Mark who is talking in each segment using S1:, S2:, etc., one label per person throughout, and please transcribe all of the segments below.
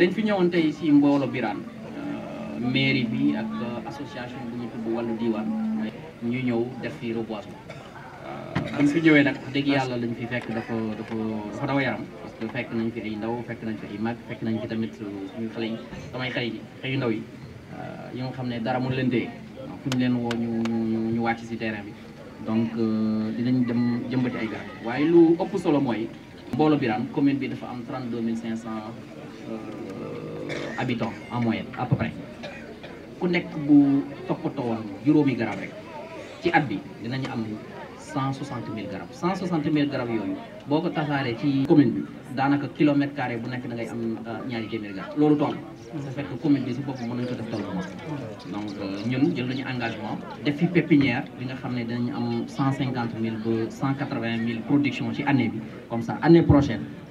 S1: dañ fi ñëwoon tey si mboolo biraan euh, mairie bi ak euh, association bu ñu tudd wàllu diiwaan ñu ñëw def fi reboisement euh, am fi ñëwee nag dëgg yàlla lañu fi fekk dafa dafa dafa daw yaram parce que fekk nañ fi ay ndaw fekk nañ fi ay mag fekk nañ fi tamit suñu xale yi samay xale yi xëyu ndaw yi yi xam ne dara mun leen téye fu ñu leen woo ñu ñu ñu wàcc si terrain bi donc dinañ dem jëmbati ay garab waaye lu ëpp solo mooy mboolo Birane commune bi dafa am 32 500 habitants en moyenne à peu près ku nekk bu toppatoon juróomi garab rek ci at bi dinañu am cent soixante mille garab cent soixante mille garab yooyu boo ko tasaaree ci commune bi daanaka kilomètre carré bu nekk da ngay am euh, ñaari téeméeri garab loolu toll su fekk commune bi si bopp mën nañ ko def taw bi donc euh, ñun jël nañu engagement def fi pépinière bi nga xam ne dinañu am cent cinquante mille ba cent quatre vingt mille production ci année bi comme ça année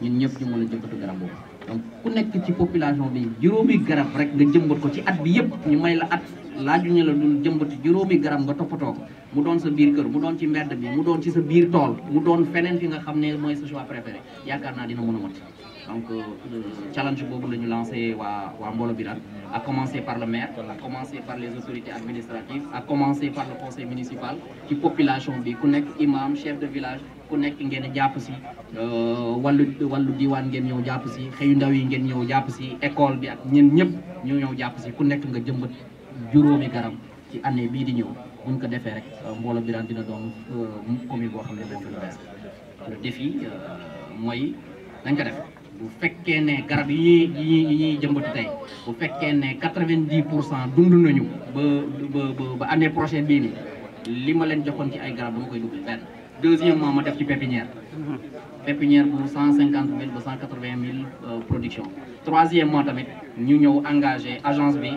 S1: ñëpp ñu mën a jëkkatu boobu donc ku nekk ci population bi juróomi garab rek nga jëmbat ko ci at bi yëpp ñu may la at Laju la lul jëmbati juroomi gram ba topato ko mu doon sa biir kër mu doon ci mbedd bi mu doon ci sa biir tool mu doon feneen fi nga xamne moy sa choix préféré yaakaar na dina mëna mot donc euh, euh, challenge bobu lañu lancer wa wa mbolo bi Birane a commencer par le maire a commencer par les autorités administratives a commencer par le conseil municipal ci population bi ku nek imam chef de village ku nek ngeen ci euh walu walu diwan ngeen ñew japp ci xëyu ndaw yi ngeen ñew japp ci école bi ak ñen ñep ñu ñew japp ci ku nek nga jëmbat juróomi garab ci année bi di ñëw buñ ko défé rek euh, mbooloo Birane dina doon euh, commune boo xam ne dañ ko bees le défi euh, moy dañ ko def bu féké né garab yi ñuy yi ñuy jëmbati tey bu féké né 90% dund nañu ba ba ba année prochaine bi ni li ma leen joxon ci ay garab dama koy dugg benn deuxièmement ma def ci pépinière pépinière bu 150 cinquante mille ba cent quatre production troisièmement tamit ñu ñëw engagé agence bi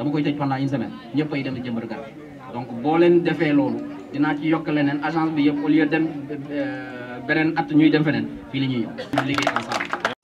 S1: dama koy tëj pendant une semaine ñëpp ay dem di jëmbat garab donc boo leen defee loolu dinaa ci yokk leneen agence bi yëpp au lieu dem euh, beneen at ñuy dem feneen fii li ñuy yokk liggéey ensemble